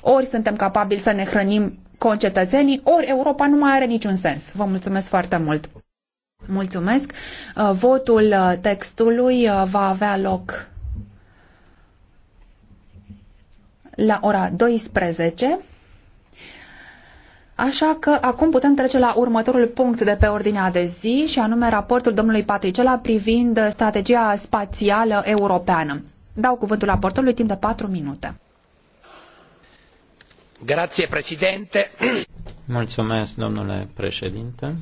Ori suntem capabili să ne hrănim concetățenii, ori Europa nu mai are niciun sens. Vă mulțumesc foarte mult! Mulțumesc! Uh, votul uh, textului uh, va avea loc la ora 12. Așa că acum putem trece la următorul punct de pe ordinea de zi și anume raportul domnului Patricela privind strategia spațială europeană. Dau cuvântul raportului timp de 4 minute. Mulțumesc, domnule președinte.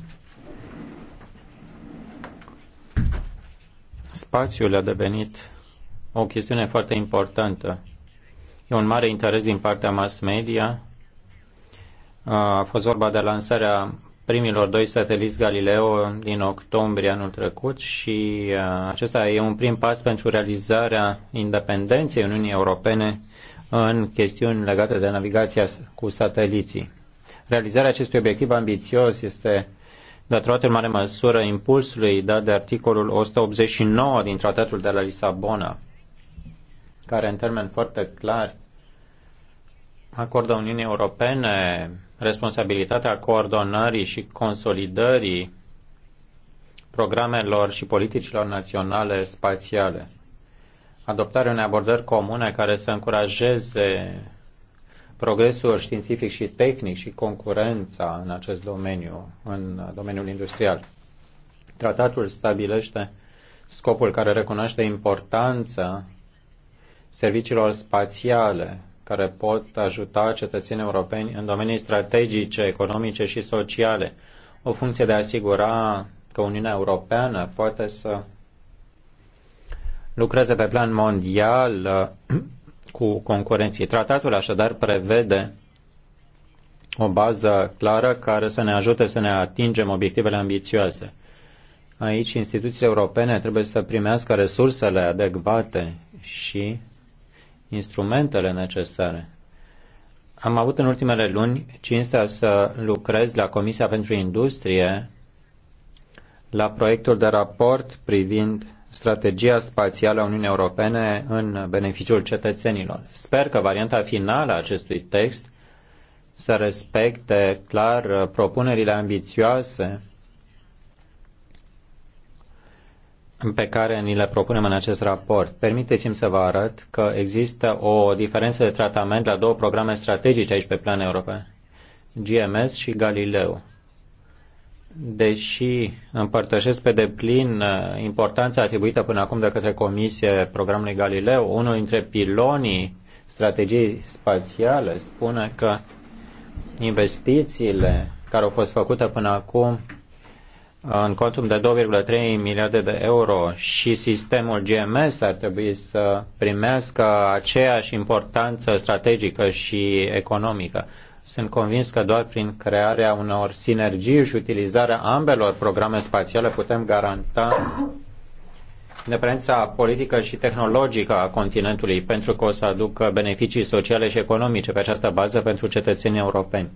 Spațiul a devenit o chestiune foarte importantă. E un mare interes din partea mass media. A fost vorba de lansarea primilor doi sateliți Galileo din octombrie anul trecut și acesta e un prim pas pentru realizarea independenței Uniunii Europene în chestiuni legate de navigația cu sateliții. Realizarea acestui obiectiv ambițios este datorată în mare măsură impulsului dat de articolul 189 din Tratatul de la Lisabona, care în termeni foarte clar acordă Uniunii Europene responsabilitatea coordonării și consolidării programelor și politicilor naționale spațiale adoptarea unei abordări comune care să încurajeze progresul științific și tehnic și concurența în acest domeniu, în domeniul industrial. Tratatul stabilește scopul care recunoaște importanța serviciilor spațiale care pot ajuta cetățenii europeni în domenii strategice, economice și sociale, o funcție de a asigura că Uniunea Europeană poate să lucreze pe plan mondial uh, cu concurenții. Tratatul așadar prevede o bază clară care să ne ajute să ne atingem obiectivele ambițioase. Aici instituțiile europene trebuie să primească resursele adecvate și instrumentele necesare. Am avut în ultimele luni cinstea să lucrez la Comisia pentru Industrie la proiectul de raport privind strategia spațială a Uniunii Europene în beneficiul cetățenilor. Sper că varianta finală a acestui text să respecte clar propunerile ambițioase pe care ni le propunem în acest raport. Permiteți-mi să vă arăt că există o diferență de tratament la două programe strategice aici pe plan european, GMS și Galileo deși împărtășesc pe deplin uh, importanța atribuită până acum de către Comisie programului Galileo, unul dintre pilonii strategiei spațiale spune că investițiile care au fost făcute până acum uh, în contum de 2,3 miliarde de euro și sistemul GMS ar trebui să primească aceeași importanță strategică și economică. Sunt convins că doar prin crearea unor sinergii și utilizarea ambelor programe spațiale putem garanta independența politică și tehnologică a continentului pentru că o să aducă beneficii sociale și economice pe această bază pentru cetățenii europeni.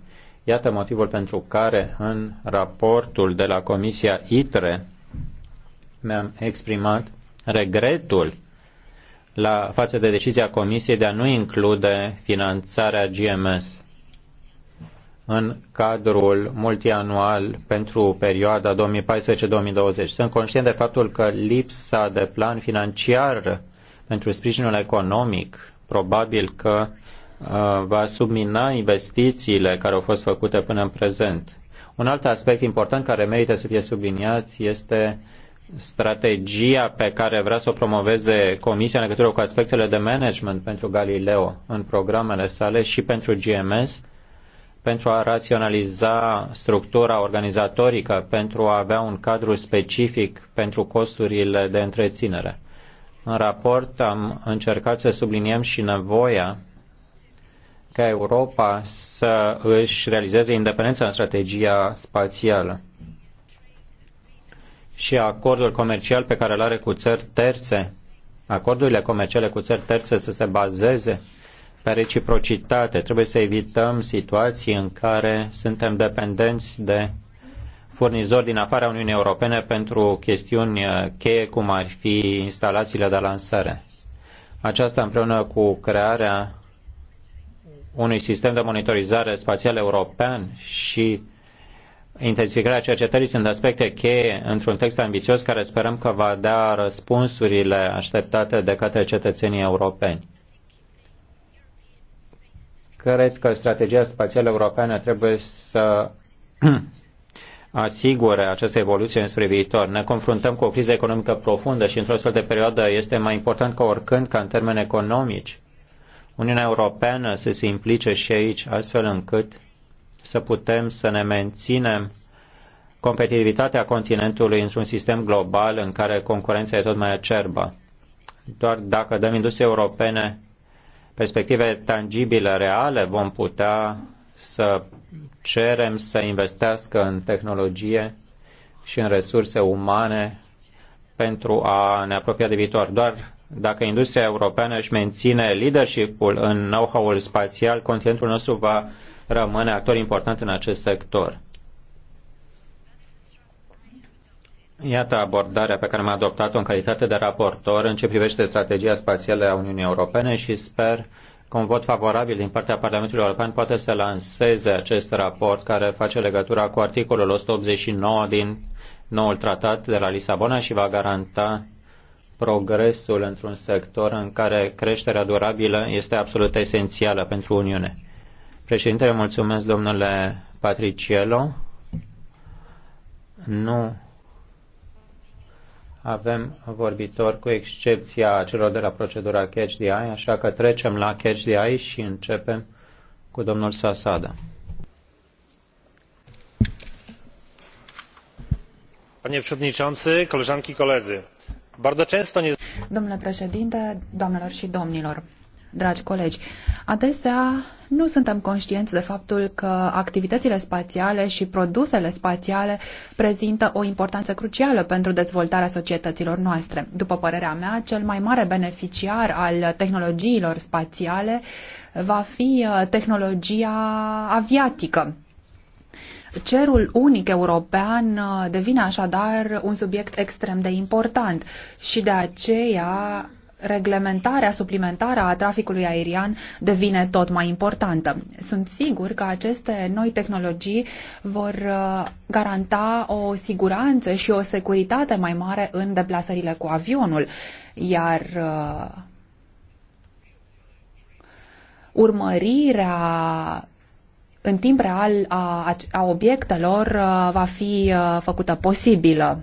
Iată motivul pentru care în raportul de la Comisia ITRE mi-am exprimat regretul la față de decizia Comisiei de a nu include finanțarea GMS în cadrul multianual pentru perioada 2014-2020. Sunt conștient de faptul că lipsa de plan financiar pentru sprijinul economic probabil că uh, va submina investițiile care au fost făcute până în prezent. Un alt aspect important care merită să fie subliniat este strategia pe care vrea să o promoveze Comisia în legătură cu aspectele de management pentru Galileo în programele sale și pentru GMS pentru a raționaliza structura organizatorică, pentru a avea un cadru specific pentru costurile de întreținere. În raport am încercat să subliniem și nevoia ca Europa să își realizeze independența în strategia spațială și acordul comercial pe care îl are cu țări terțe, acordurile comerciale cu țări terțe să se bazeze reciprocitate. Trebuie să evităm situații în care suntem dependenți de furnizori din afara Uniunii Europene pentru chestiuni uh, cheie, cum ar fi instalațiile de lansare. Aceasta împreună cu crearea unui sistem de monitorizare spațial european și intensificarea cercetării sunt aspecte cheie într-un text ambițios care sperăm că va da răspunsurile așteptate de către cetățenii europeni. Cred că strategia spațială europeană trebuie să asigure această evoluție înspre viitor. Ne confruntăm cu o criză economică profundă și într-o astfel de perioadă este mai important ca oricând, ca în termeni economici, Uniunea Europeană să se implice și aici, astfel încât să putem să ne menținem competitivitatea continentului într-un sistem global în care concurența e tot mai acerbă. Doar dacă dăm industriei europene perspective tangibile, reale, vom putea să cerem să investească în tehnologie și în resurse umane pentru a ne apropia de viitor. Doar dacă industria europeană își menține leadership-ul în know-how-ul spațial, continentul nostru va rămâne actor important în acest sector. Iată abordarea pe care am adoptat-o în calitate de raportor în ce privește strategia spațială a Uniunii Europene și sper că un vot favorabil din partea Parlamentului European poate să lanseze acest raport care face legătura cu articolul 189 din noul tratat de la Lisabona și va garanta progresul într-un sector în care creșterea durabilă este absolut esențială pentru Uniune. Președintele, mulțumesc domnule Patriciello. Nu avem vorbitori cu excepția celor de la procedura Catch the Eye, așa că trecem la Catch the Eye și începem cu domnul Sasada. Panie przewodniczący, koleżanki colegi, koledzy. Bardzo często nie... Domnule președinte, doamnelor și domnilor, dragi colegi. Adesea nu suntem conștienți de faptul că activitățile spațiale și produsele spațiale prezintă o importanță crucială pentru dezvoltarea societăților noastre. După părerea mea, cel mai mare beneficiar al tehnologiilor spațiale va fi uh, tehnologia aviatică. Cerul unic european uh, devine așadar un subiect extrem de important și de aceea reglementarea suplimentară a traficului aerian devine tot mai importantă. Sunt sigur că aceste noi tehnologii vor uh, garanta o siguranță și o securitate mai mare în deplasările cu avionul, iar uh, urmărirea în timp real a, a obiectelor uh, va fi făcută posibilă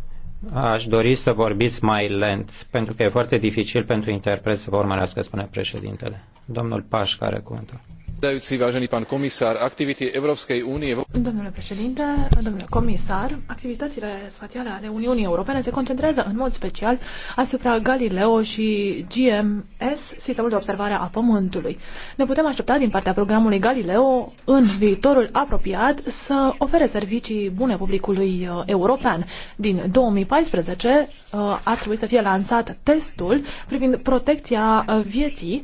Aș dori să vorbiți mai lent, pentru că e foarte dificil pentru interpret să vă urmărească, spune președintele. Domnul Paș, care cuvântul. Domnule președinte, domnule comisar, activitățile spațiale ale Uniunii Europene se concentrează în mod special asupra Galileo și GMS, sistemul de observare a Pământului. Ne putem aștepta din partea programului Galileo în viitorul apropiat să ofere servicii bune publicului uh, european. Din 2014 uh, ar trebui să fie lansat testul privind protecția uh, vieții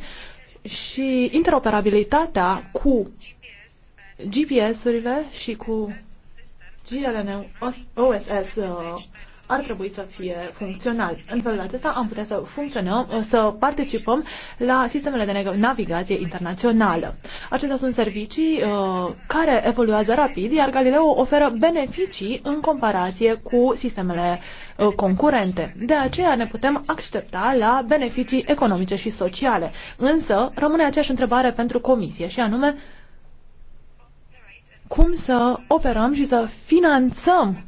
și interoperabilitatea cu GPS-urile și cu GLN OSS ar trebui să fie funcțional. În felul acesta am putea să funcționăm, să participăm la sistemele de navigație internațională. Acestea sunt servicii uh, care evoluează rapid, iar Galileo oferă beneficii în comparație cu sistemele uh, concurente. De aceea ne putem aștepta la beneficii economice și sociale. Însă rămâne aceeași întrebare pentru Comisie și anume cum să operăm și să finanțăm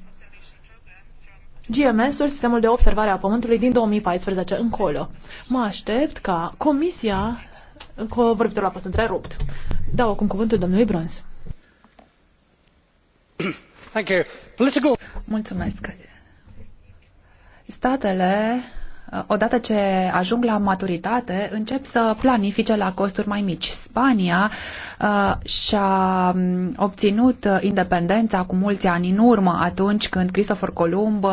GMS-ul, sistemul de observare a Pământului din 2014 încolo. Mă aștept ca Comisia, cu vorbitorul a fost întrerupt. Dau acum cuvântul domnului Bruns. Thank you. Political... Mulțumesc. Statele Uh, odată ce ajung la maturitate, încep să planifice la costuri mai mici. Spania uh, și-a um, obținut independența cu mulți ani în urmă, atunci când Cristofor Columb uh,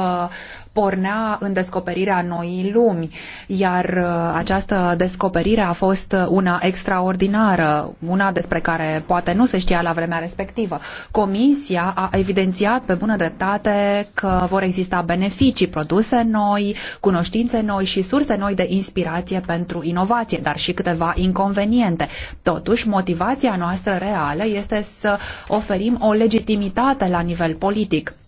pornea în descoperirea noii lumi, iar uh, această descoperire a fost una extraordinară, una despre care poate nu se știa la vremea respectivă. Comisia a evidențiat pe bună dreptate că vor exista beneficii, produse noi, cunoștințe noi și surse noi de inspirație pentru inovație, dar și câteva inconveniente. Totuși, motivația noastră reală este să oferim o legitimitate la nivel politic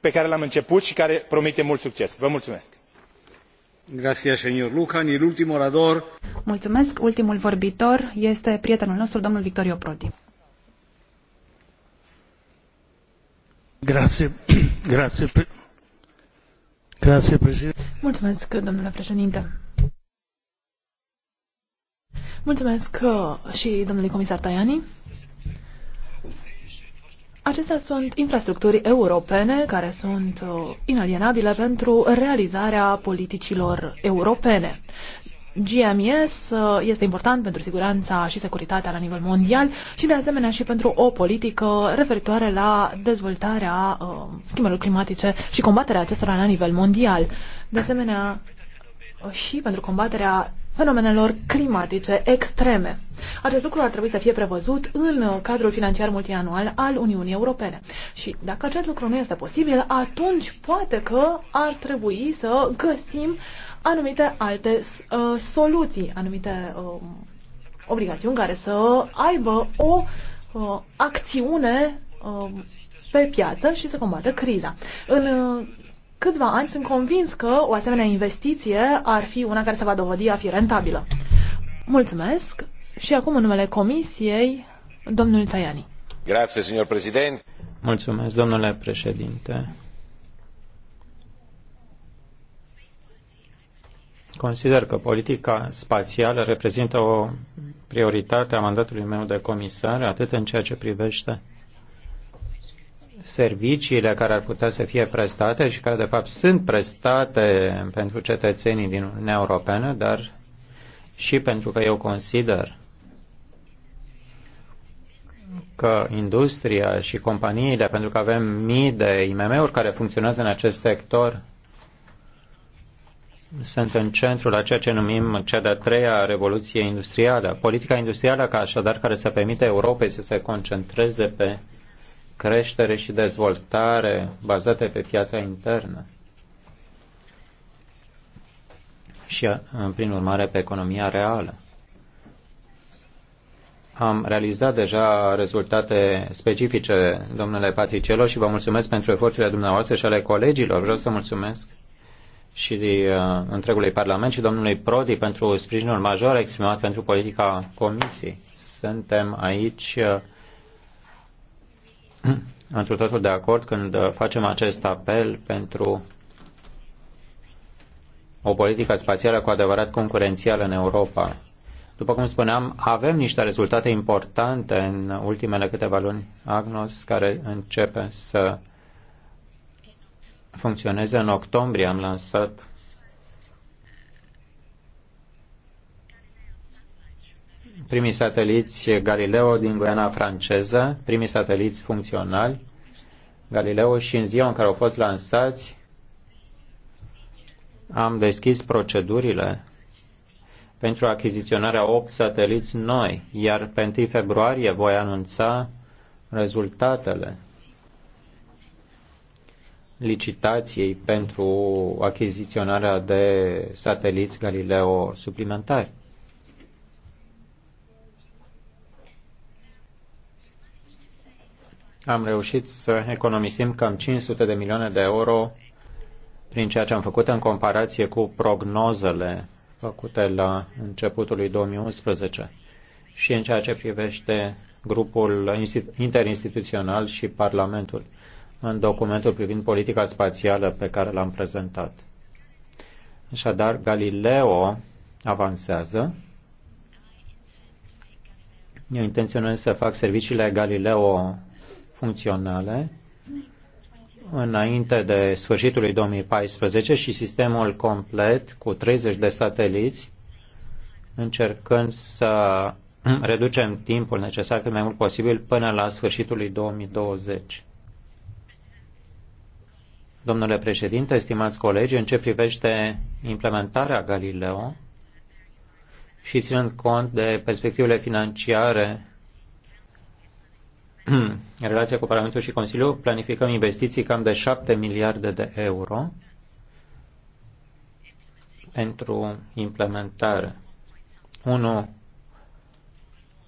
pe care l am început și care promite mult succes. Vă mulțumesc! Mulțumesc. Ultimul vorbitor este prietenul nostru, domnul Prodi. Mulțumesc, domnule președinte. Mulțumesc uh, și domnului comisar Tajani. Acestea sunt infrastructuri europene care sunt uh, inalienabile pentru realizarea politicilor europene. GMS uh, este important pentru siguranța și securitatea la nivel mondial și de asemenea și pentru o politică referitoare la dezvoltarea uh, schimbărilor climatice și combaterea acestora la nivel mondial. De asemenea, și pentru combaterea fenomenelor climatice extreme. Acest lucru ar trebui să fie prevăzut în cadrul financiar multianual al Uniunii Europene. Și dacă acest lucru nu este posibil, atunci poate că ar trebui să găsim anumite alte uh, soluții, anumite uh, obligațiuni care să aibă o uh, acțiune uh, pe piață și să combată criza. În uh, câțiva ani sunt convins că o asemenea investiție ar fi una care se va dovedi a fi rentabilă. Mulțumesc și acum în numele Comisiei, domnul Tajani. Grazie, signor Presidente. Mulțumesc, domnule președinte. Consider că politica spațială reprezintă o prioritate a mandatului meu de comisar, atât în ceea ce privește serviciile care ar putea să fie prestate și care de fapt sunt prestate pentru cetățenii din Uniunea Europeană, dar și pentru că eu consider că industria și companiile, pentru că avem mii de IMM-uri care funcționează în acest sector, sunt în centrul a ceea ce numim cea de-a treia revoluție industrială. Politica industrială, ca așadar, care să permite Europei să se concentreze pe creștere și dezvoltare bazate pe piața internă și, prin urmare, pe economia reală. Am realizat deja rezultate specifice, domnule Patricello, și vă mulțumesc pentru eforturile dumneavoastră și ale colegilor. Vreau să mulțumesc și de, uh, întregului Parlament și domnului Prodi pentru sprijinul major exprimat pentru politica Comisiei. Suntem aici uh, am totul de acord când facem acest apel pentru o politică spațială cu adevărat concurențială în Europa. După cum spuneam, avem niște rezultate importante în ultimele câteva luni. Agnos, care începe să funcționeze în octombrie, am lansat primii sateliți Galileo din Guiana franceză, primii sateliți funcționali Galileo și în ziua în care au fost lansați am deschis procedurile pentru achiziționarea 8 sateliți noi, iar pe 1 februarie voi anunța rezultatele licitației pentru achiziționarea de sateliți Galileo suplimentari. am reușit să economisim cam 500 de milioane de euro prin ceea ce am făcut în comparație cu prognozele făcute la începutul lui 2011 și în ceea ce privește grupul interinstituțional și Parlamentul în documentul privind politica spațială pe care l-am prezentat. Așadar, Galileo avansează. Eu intenționez să fac serviciile Galileo funcționale înainte de sfârșitul lui 2014 și sistemul complet cu 30 de sateliți, încercând să reducem timpul necesar cât mai mult posibil până la sfârșitul lui 2020. Domnule președinte, stimați colegi, în ce privește implementarea Galileo și ținând cont de perspectivele financiare în relația cu Parlamentul și Consiliul, planificăm investiții cam de 7 miliarde de euro pentru implementare. unu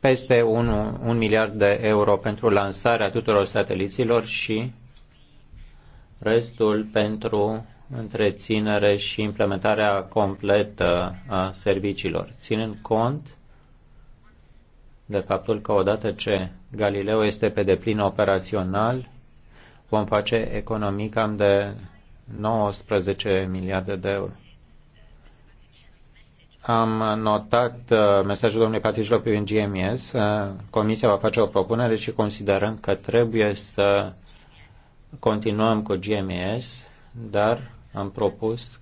peste 1, un miliard de euro pentru lansarea tuturor sateliților și restul pentru întreținere și implementarea completă a serviciilor, ținând cont de faptul că odată ce Galileo este pe deplin operațional, vom face economii cam de 19 miliarde de euro. Am notat uh, mesajul domnului Patricilor privind GMS. Uh, comisia va face o propunere și considerăm că trebuie să continuăm cu GMS, dar am propus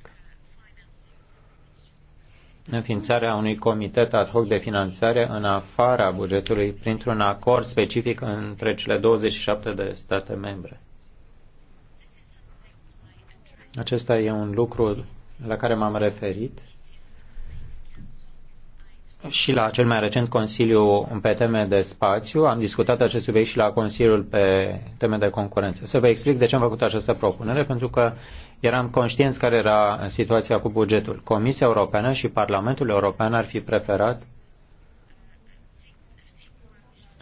înființarea unui comitet ad hoc de finanțare în afara bugetului printr-un acord specific între cele 27 de state membre. Acesta e un lucru la care m-am referit și la cel mai recent Consiliu pe teme de spațiu. Am discutat acest subiect și la Consiliul pe teme de concurență. Să vă explic de ce am făcut această propunere, pentru că eram conștienți care era situația cu bugetul. Comisia Europeană și Parlamentul European ar fi preferat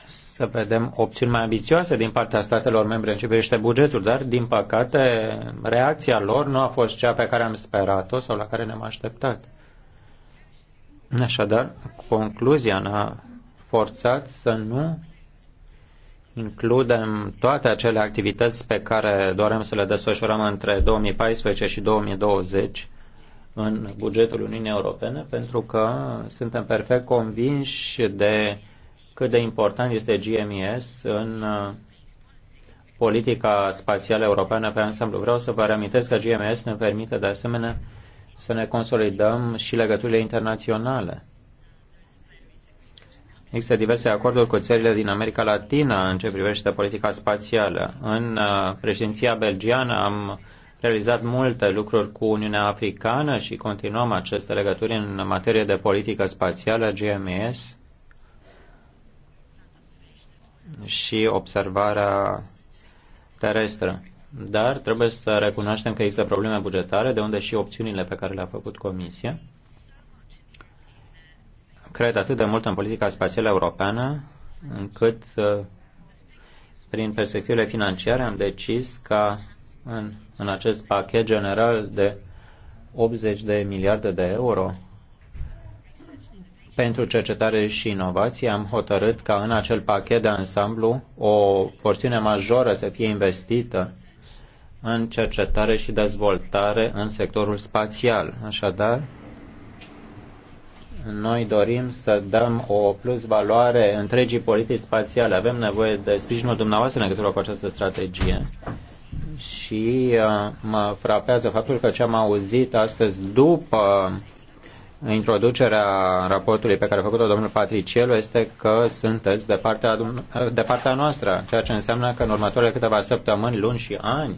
să vedem opțiuni mai ambițioase din partea statelor membre în ce privește bugetul, dar, din păcate, reacția lor nu a fost cea pe care am sperat-o sau la care ne-am așteptat. Așadar, concluzia ne-a forțat să nu includem toate acele activități pe care dorem să le desfășurăm între 2014 și 2020 în bugetul Uniunii Europene, pentru că suntem perfect convinși de cât de important este GMES în uh, politica spațială europeană pe ansamblu. Vreau să vă reamintesc că GMS ne permite de asemenea să ne consolidăm și legăturile internaționale. Există diverse acorduri cu țările din America Latina în ce privește politica spațială. În uh, președinția belgiană am realizat multe lucruri cu Uniunea Africană și continuăm aceste legături în materie de politică spațială, GMS, și observarea terestră dar trebuie să recunoaștem că există probleme bugetare, de unde și opțiunile pe care le-a făcut Comisia. Cred atât de mult în politica spațială europeană, încât uh, prin perspectivele financiare am decis ca în, în acest pachet general de 80 de miliarde de euro pentru cercetare și inovație am hotărât ca în acel pachet de ansamblu o porțiune majoră să fie investită în cercetare și dezvoltare în sectorul spațial. Așadar, noi dorim să dăm o plus valoare întregii politici spațiale. Avem nevoie de sprijinul dumneavoastră în legătură cu această strategie. Și uh, mă frapează faptul că ce am auzit astăzi după introducerea raportului pe care a făcut-o domnul Patricielu este că sunteți de partea, de partea noastră, ceea ce înseamnă că în următoarele câteva săptămâni, luni și ani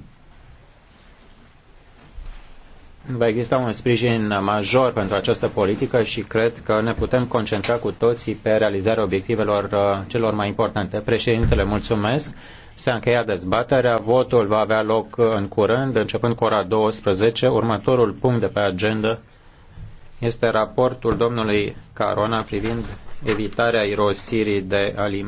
Va exista un sprijin major pentru această politică și cred că ne putem concentra cu toții pe realizarea obiectivelor uh, celor mai importante. Președintele, mulțumesc. S-a încheiat dezbaterea. Votul va avea loc uh, în curând, începând cu ora 12. Următorul punct de pe agenda este raportul domnului Carona privind evitarea irosirii de alimente.